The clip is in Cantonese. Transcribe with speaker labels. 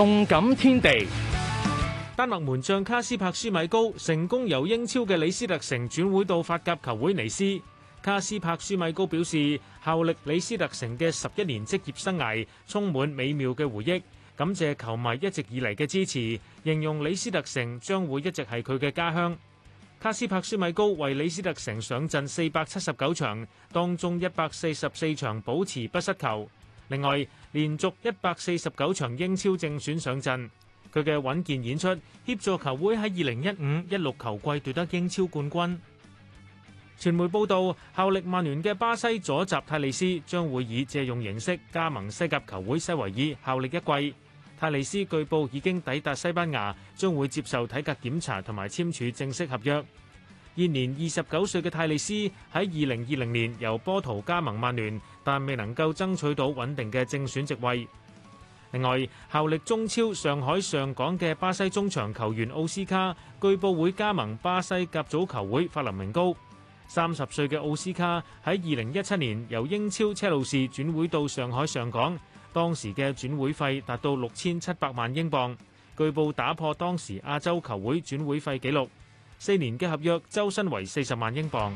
Speaker 1: 動感天地，丹麥門將卡斯柏舒米高成功由英超嘅李斯特城轉會到法甲球會尼斯。卡斯柏舒米高表示，效力李斯特城嘅十一年職業生涯充滿美妙嘅回憶，感謝球迷一直以嚟嘅支持，形容李斯特城將會一直係佢嘅家鄉。卡斯柏舒米高為李斯特城上陣四百七十九場，當中一百四十四場保持不失球。另外，連續一百四十九場英超正選上陣，佢嘅穩健演出協助球會喺二零一五一六球季奪得英超冠軍。傳媒報道，效力曼聯嘅巴西左閘泰利斯將會以借用形式加盟西甲球會西維爾，效力一季。泰利斯據報已經抵達西班牙，將會接受體格檢查同埋簽署正式合約。現年二十九歲嘅泰利斯喺二零二零年由波圖加盟曼聯，但未能夠爭取到穩定嘅正選席位。另外，效力中超上海上港嘅巴西中場球員奧斯卡，據報會加盟巴西甲組球會法林明高。三十歲嘅奧斯卡喺二零一七年由英超車路士轉會到上海上港，當時嘅轉會費達到六千七百萬英鎊，據報打破當時亞洲球會轉會費紀錄。四年嘅合約，周薪為四十萬英鎊。